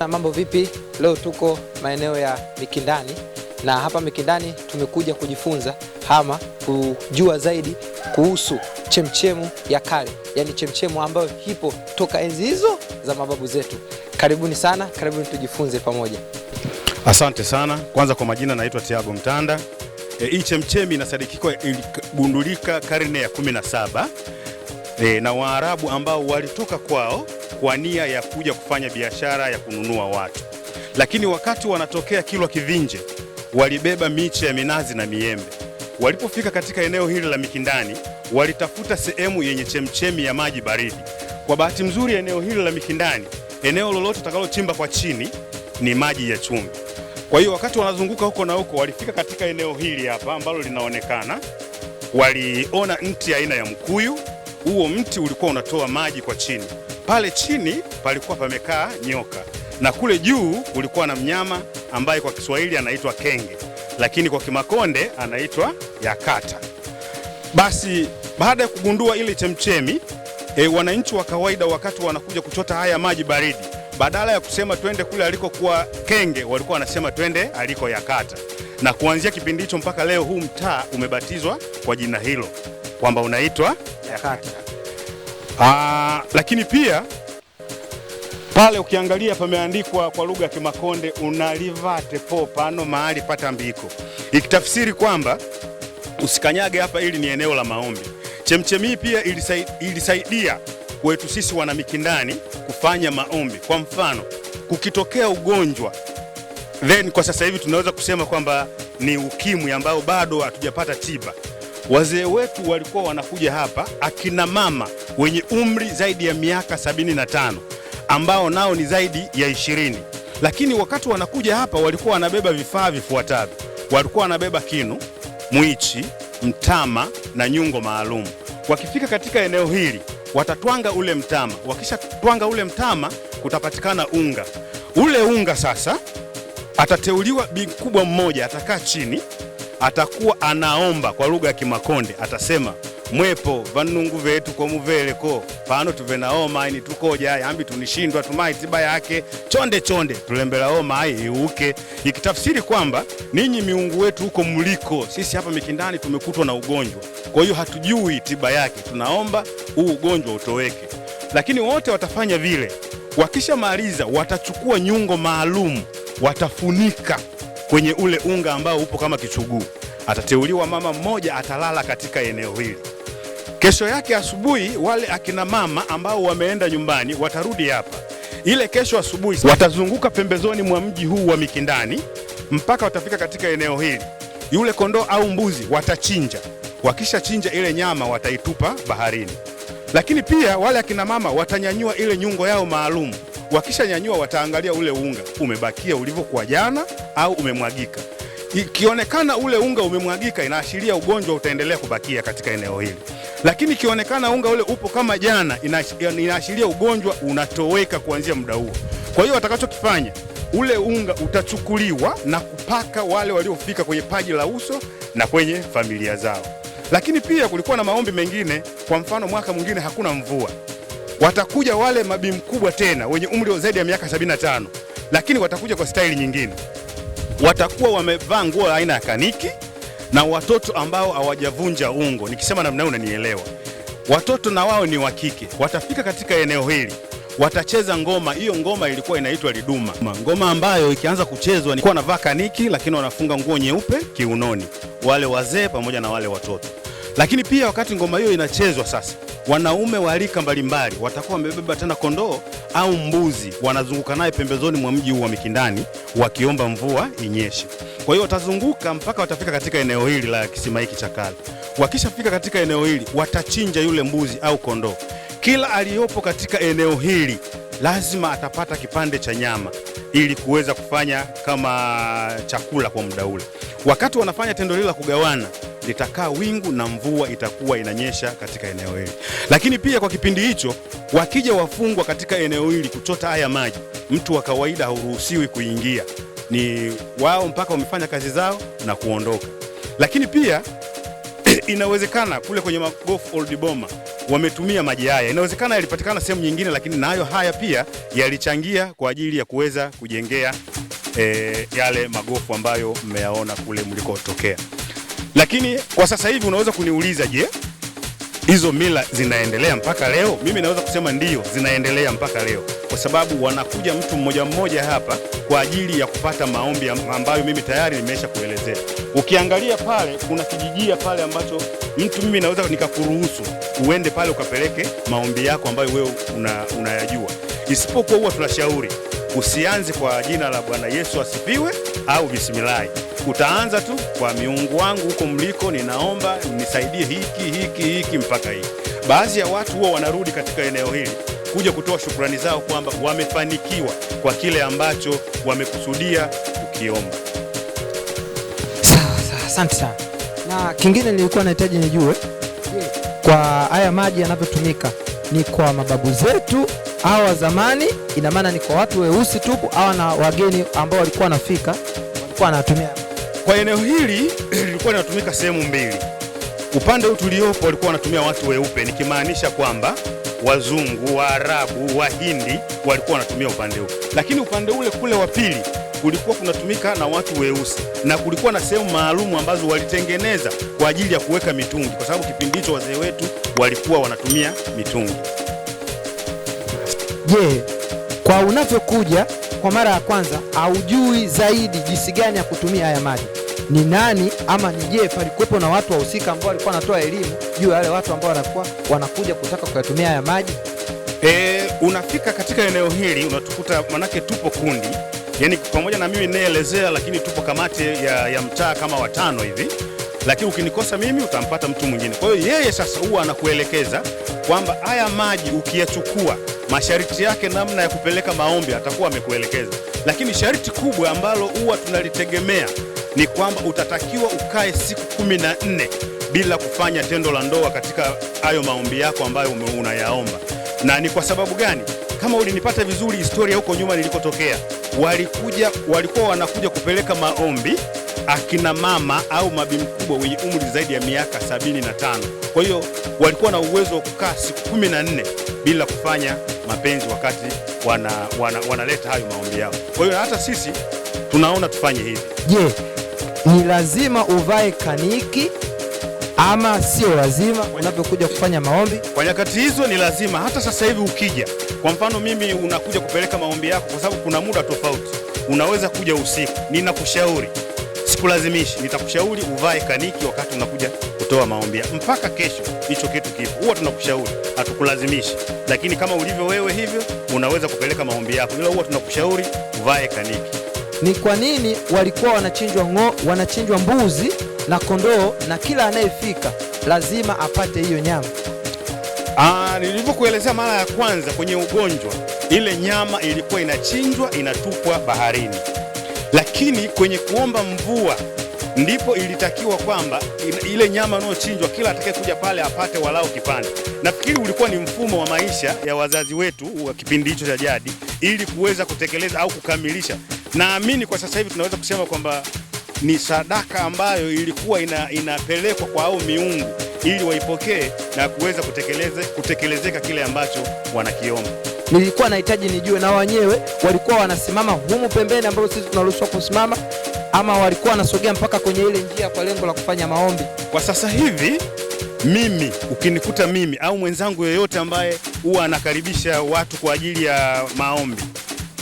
Na mambo vipi? Leo tuko maeneo ya Mikindani na hapa Mikindani tumekuja kujifunza ama kujua zaidi kuhusu chemchemu ya kale, yaani chemchemu ambayo ipo toka enzi hizo za mababu zetu. Karibuni sana, karibuni tujifunze pamoja. Asante sana. Kwanza kwa majina, naitwa Tiago Mtanda. E, hii chemchemi inasadikika iligundulika karne ya 17 e, na Waarabu ambao walitoka kwao kwa nia ya kuja kufanya biashara ya kununua watu, lakini wakati wanatokea Kilwa Kivinje walibeba miche ya minazi na miembe. Walipofika katika eneo hili la Mikindani walitafuta sehemu yenye chemchemi ya maji baridi. Kwa bahati nzuri, eneo hili la Mikindani, eneo lolote utakalochimba kwa chini ni maji ya chumvi. Kwa hiyo wakati wanazunguka huko na huko, walifika katika eneo hili hapa ambalo linaonekana, waliona mti aina ya mkuyu. Huo mti ulikuwa unatoa maji kwa chini. Pale chini palikuwa pamekaa nyoka na kule juu kulikuwa na mnyama ambaye kwa Kiswahili anaitwa kenge, lakini kwa Kimakonde anaitwa yakata. Basi baada ya kugundua ile chemchemi e, wananchi wa kawaida wakati wanakuja kuchota haya maji baridi, badala ya kusema twende kule alikokuwa kenge, walikuwa wanasema twende aliko yakata. Na kuanzia kipindi hicho mpaka leo, huu mtaa umebatizwa kwa jina hilo kwamba unaitwa yakata. Aa, ah, lakini pia pale ukiangalia pameandikwa kwa lugha ya Kimakonde unalivate po pano mahali pata mbiko, ikitafsiri kwamba usikanyage hapa, ili ni eneo la maombi. Chemchemi pia ilisaidia, ilisaidia kwetu sisi wanamikindani kufanya maombi. Kwa mfano kukitokea ugonjwa then, kwa sasa hivi tunaweza kusema kwamba ni ukimwi ambao bado hatujapata tiba, wazee wetu walikuwa wanakuja hapa, akina mama wenye umri zaidi ya miaka 75 ambao nao ni zaidi ya ishirini, lakini wakati wanakuja hapa walikuwa wanabeba vifaa vifuatavyo: walikuwa wanabeba kinu, mwichi, mtama na nyungo maalum. Wakifika katika eneo hili watatwanga ule mtama, wakishatwanga ule mtama kutapatikana unga. Ule unga sasa, atateuliwa bi kubwa mmoja, atakaa chini, atakuwa anaomba kwa lugha ya Kimakonde, atasema mwepo vanungu vetu ko pano tuve na omayi tukoja yambi tunishindwa tumai tiba yake chonde chonde tulembela omayi iuke, ikitafsiri kwamba ninyi miungu wetu huko mliko sisi hapa Mikindani tumekutwa na ugonjwa, kwa hiyo hatujui tiba yake, tunaomba huu ugonjwa utoweke. Lakini wote watafanya vile, wakishamaliza watachukua nyungo maalum, watafunika kwenye ule unga ambao upo kama kichuguu. Atateuliwa mama mmoja, atalala katika eneo hili Kesho yake asubuhi wale akina mama ambao wameenda nyumbani watarudi hapa. Ile kesho asubuhi watazunguka pembezoni mwa mji huu wa Mikindani mpaka watafika katika eneo hili. Yule kondoo au mbuzi watachinja. Wakishachinja ile nyama wataitupa baharini. Lakini pia wale akina mama watanyanyua ile nyungo yao maalum. Wakishanyanyua wataangalia ule unga umebakia ulivyokuwa jana au umemwagika. Ikionekana ule unga umemwagika, inaashiria ugonjwa utaendelea kubakia katika eneo hili lakini ikionekana unga ule upo kama jana, inaashiria ugonjwa unatoweka kuanzia muda huo. Kwa hiyo watakachokifanya ule unga utachukuliwa na kupaka wale waliofika kwenye paji la uso na kwenye familia zao. Lakini pia kulikuwa na maombi mengine, kwa mfano mwaka mwingine hakuna mvua, watakuja wale mabii mkubwa tena wenye umri zaidi ya miaka 75, lakini watakuja kwa staili nyingine, watakuwa wamevaa nguo aina ya kaniki na watoto ambao hawajavunja ungo. Nikisema namna hiyo unanielewa. Watoto na wao ni wa kike, watafika katika eneo hili watacheza ngoma. Hiyo ngoma ilikuwa inaitwa liduma, ngoma ambayo ikianza kuchezwa ni navaa kaniki, lakini wanafunga nguo nyeupe kiunoni, wale wazee pamoja na wale watoto. Lakini pia wakati ngoma hiyo inachezwa sasa wanaume wa rika mbalimbali watakuwa wamebeba tena kondoo au mbuzi, wanazunguka naye pembezoni mwa mji huu wa Mikindani wakiomba mvua inyeshe. Kwa hiyo watazunguka mpaka watafika katika eneo hili la kisima hiki cha kale. Wakishafika katika eneo hili watachinja yule mbuzi au kondoo. Kila aliyopo katika eneo hili lazima atapata kipande cha nyama ili kuweza kufanya kama chakula kwa muda ule. Wakati wanafanya tendo lile la kugawana, litakaa wingu na mvua itakuwa inanyesha katika eneo hili. Lakini pia kwa kipindi hicho, wakija wafungwa katika eneo hili kuchota haya maji, mtu wa kawaida hauruhusiwi kuingia, ni wao mpaka wamefanya kazi zao na kuondoka. Lakini pia inawezekana kule kwenye magofu Old Boma wametumia maji haya, inawezekana yalipatikana sehemu nyingine, lakini nayo haya pia yalichangia kwa ajili ya kuweza kujengea e, yale magofu ambayo mmeyaona kule mlikotokea. Lakini kwa sasa hivi unaweza kuniuliza je, hizo mila zinaendelea mpaka leo? Mimi naweza kusema ndiyo, zinaendelea mpaka leo, kwa sababu wanakuja mtu mmoja mmoja hapa kwa ajili ya kupata maombi ambayo mimi tayari nimesha kuelezea. Ukiangalia pale kuna kijijia pale ambacho mtu mimi naweza nikakuruhusu uende pale ukapeleke maombi yako ambayo wewe unayajua, una isipokuwa, huwa tunashauri usianze kwa jina la Bwana Yesu asifiwe au bismilahi utaanza tu kwa miungu wangu huko mliko, ninaomba nisaidie hiki hiki hiki mpaka hiki. Baadhi ya watu huwa wanarudi katika eneo hili kuja kutoa shukrani zao kwamba wamefanikiwa kwa kile ambacho wamekusudia kukiomba. Sawa sawa, asante sana. Na kingine nilikuwa nahitaji nijue, kwa haya maji yanavyotumika ni kwa mababu zetu au wa zamani? Ina maana ni kwa watu weusi tupu au na wageni ambao walikuwa wanafika walikuwa wanatumia kwa eneo hili lilikuwa linatumika sehemu mbili. Upande huu tuliopo walikuwa wanatumia watu weupe, nikimaanisha kwamba wazungu, Waarabu, Wahindi walikuwa wanatumia upande huu, lakini upande ule kule wa pili kulikuwa kunatumika na watu weusi, na kulikuwa na sehemu maalumu ambazo walitengeneza kwa ajili ya kuweka mitungi, kwa sababu kipindi hicho wazee wetu walikuwa wanatumia mitungi. Je, yeah, kwa unavyokuja kwa mara ya kwanza haujui zaidi jinsi gani ya kutumia haya maji ni nani ama ni je, palikuwepo na watu wahusika ambao walikuwa wanatoa elimu juu ya wale watu ambao wanakuwa wanakuja kutaka kuyatumia haya maji? E, unafika katika eneo hili unatukuta, manake tupo kundi, yani pamoja na mimi ninayeelezea, lakini tupo kamati ya, ya mtaa kama watano hivi, lakini ukinikosa mimi utampata mtu mwingine. Kwa hiyo yeye sasa huwa anakuelekeza kwamba haya maji ukiyachukua masharti yake, namna ya kupeleka maombi atakuwa amekuelekeza. Lakini sharti kubwa ambalo huwa tunalitegemea ni kwamba utatakiwa ukae siku kumi na nne bila kufanya tendo la ndoa katika hayo maombi yako ambayo unayaomba. Na ni kwa sababu gani? Kama ulinipata vizuri, historia huko nyuma nilikotokea, walikuja walikuwa wanakuja kupeleka maombi akina mama au mabi mkubwa wenye umri zaidi ya miaka sabini na tano. Kwa hiyo walikuwa na uwezo wa kukaa siku kumi na nne bila kufanya mapenzi wakati wanaleta wana, wana hayo maombi yao. Kwa hiyo hata sisi tunaona tufanye hivi. Je, ni lazima uvae kaniki ama sio lazima unapokuja kufanya maombi? Kwa nyakati hizo ni lazima. Hata sasa hivi ukija, kwa mfano mimi, unakuja kupeleka maombi yako, kwa sababu kuna muda tofauti, unaweza kuja usiku, ninakushauri Sikulazimishi, nitakushauri uvae kaniki wakati unakuja kutoa maombi mpaka kesho. Hicho kitu kipo, huwa tunakushauri, hatukulazimishi. Lakini kama ulivyo wewe hivyo unaweza kupeleka maombi yako, ila huwa tunakushauri uvae kaniki. Ni kwa nini walikuwa wanachinjwa ngo, wanachinjwa mbuzi na kondoo, na kila anayefika lazima apate hiyo nyama? Ah, nilivyokuelezea mara ya kwanza kwenye ugonjwa, ile nyama ilikuwa inachinjwa inatupwa baharini. Lakini kwenye kuomba mvua ndipo ilitakiwa kwamba ile nyama inayochinjwa kila atakayekuja pale apate walao kipande. Nafikiri ulikuwa ni mfumo wa maisha ya wazazi wetu wa kipindi hicho cha jadi, ili kuweza kutekeleza au kukamilisha. Naamini kwa sasa hivi tunaweza kusema kwamba ni sadaka ambayo ilikuwa ina, inapelekwa kwa au miungu ili waipokee na kuweza kutekeleze kutekelezeka kile ambacho wanakiomba nilikuwa nahitaji nijue na wenyewe walikuwa wanasimama humu pembeni, ambapo sisi tunaruhusiwa kusimama, ama walikuwa wanasogea mpaka kwenye ile njia kwa lengo la kufanya maombi. Kwa sasa hivi mimi ukinikuta mimi au mwenzangu yeyote ambaye huwa anakaribisha watu kwa ajili ya maombi,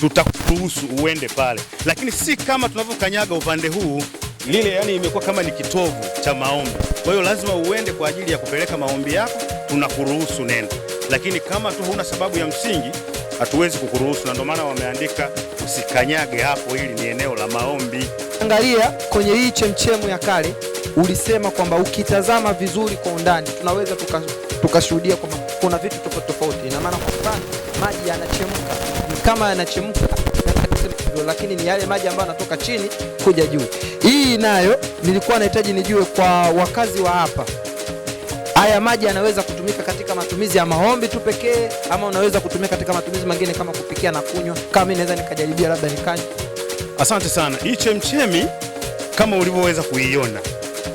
tutakuruhusu uende pale, lakini si kama tunavyokanyaga upande huu lile, yani imekuwa kama ni kitovu cha maombi. Kwa hiyo lazima uende kwa ajili ya kupeleka maombi yako, tunakuruhusu nenda lakini kama tu huna sababu ya msingi hatuwezi kukuruhusu, na ndio maana wameandika usikanyage hapo, hili ni eneo la maombi. Angalia kwenye hii chemchemu ya kale, ulisema kwamba ukitazama vizuri kwa undani tunaweza tukashuhudia tuka kwamba kuna vitu tofauti tofauti. Ina maana kwa mfano maji yanachemka, ni kama yanachemka lakini ni yale maji ambayo yanatoka chini kuja juu. Hii nayo nilikuwa nahitaji nijue kwa wakazi wa hapa Haya maji yanaweza kutumika katika matumizi ya maombi tu pekee, ama unaweza kutumia katika matumizi mengine kama kupikia na kunywa. Kama mimi naweza nikajaribia, labda nikanywa. Asante sana. Hii chemchemi kama ulivyoweza kuiona,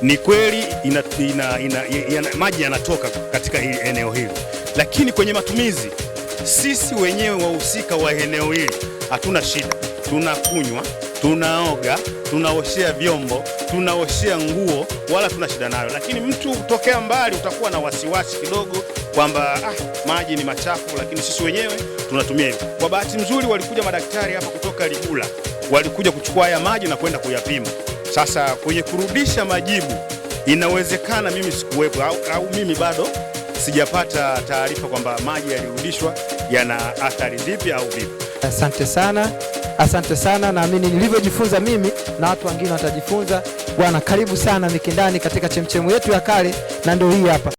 ni kweli ina, ina, ina, ina, maji yanatoka katika eneo hili, lakini kwenye matumizi sisi wenyewe wahusika wa eneo hili hatuna shida, tunakunywa tunaoga, tunaoshea vyombo, tunaoshea nguo, wala tuna shida nayo. Lakini mtu tokea mbali utakuwa na wasiwasi kidogo kwamba ah, maji ni machafu, lakini sisi wenyewe tunatumia hivyo. Kwa bahati nzuri walikuja madaktari hapa kutoka Ligula, walikuja kuchukua haya maji na kwenda kuyapima. Sasa kwenye kurudisha majibu, inawezekana mimi sikuwepo au, au mimi bado sijapata taarifa kwamba maji yalirudishwa yana athari zipi au vipi. Asante sana. Asante sana, naamini nilivyojifunza mimi na watu wengine watajifunza. Bwana, karibu sana Mikindani katika chemchemu yetu ya kale, na ndio hii hapa.